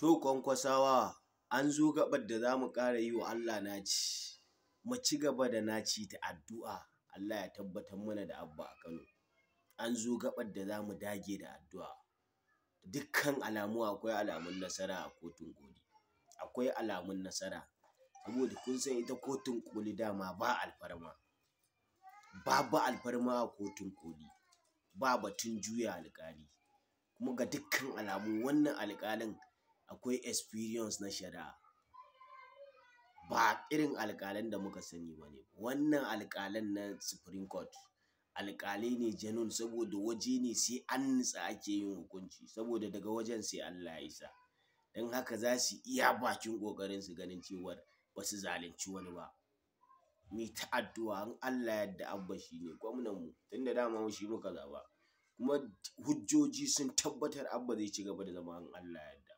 To kwankwasawa an zo gabar da za mu ƙara yi wa Allah naci, mu ci gaba da naci ta addu'a Allah ya tabbatar mana da abba a Kano. An zo gabar da za mu dage da addu'a. Dukkan alamu akwai alamun nasara a kotun koli. Akwai alamun nasara. Saboda kun san ita kotun koli dama ba alfarma. Babu alfarma a kotun koli. Ba batun juya alƙali. Kuma ga dukkan alamu wannan alƙalin akwai experience na shari'a ba irin alƙalan da muka sani ba ne wannan alƙalan na supreme court alƙali ne janun saboda waje ne sai an nutsa ake yin hukunci saboda daga wajen sai Allah ya isa don haka za su iya bakin ƙoƙarin su ganin cewar ba su zalunci wani ba mai ta'addu'a an Allah yadda abba shi ne gwamnan mu da dama shi muka zaba kuma hujjoji sun tabbatar abba zai ci gaba da zama an Allah yadda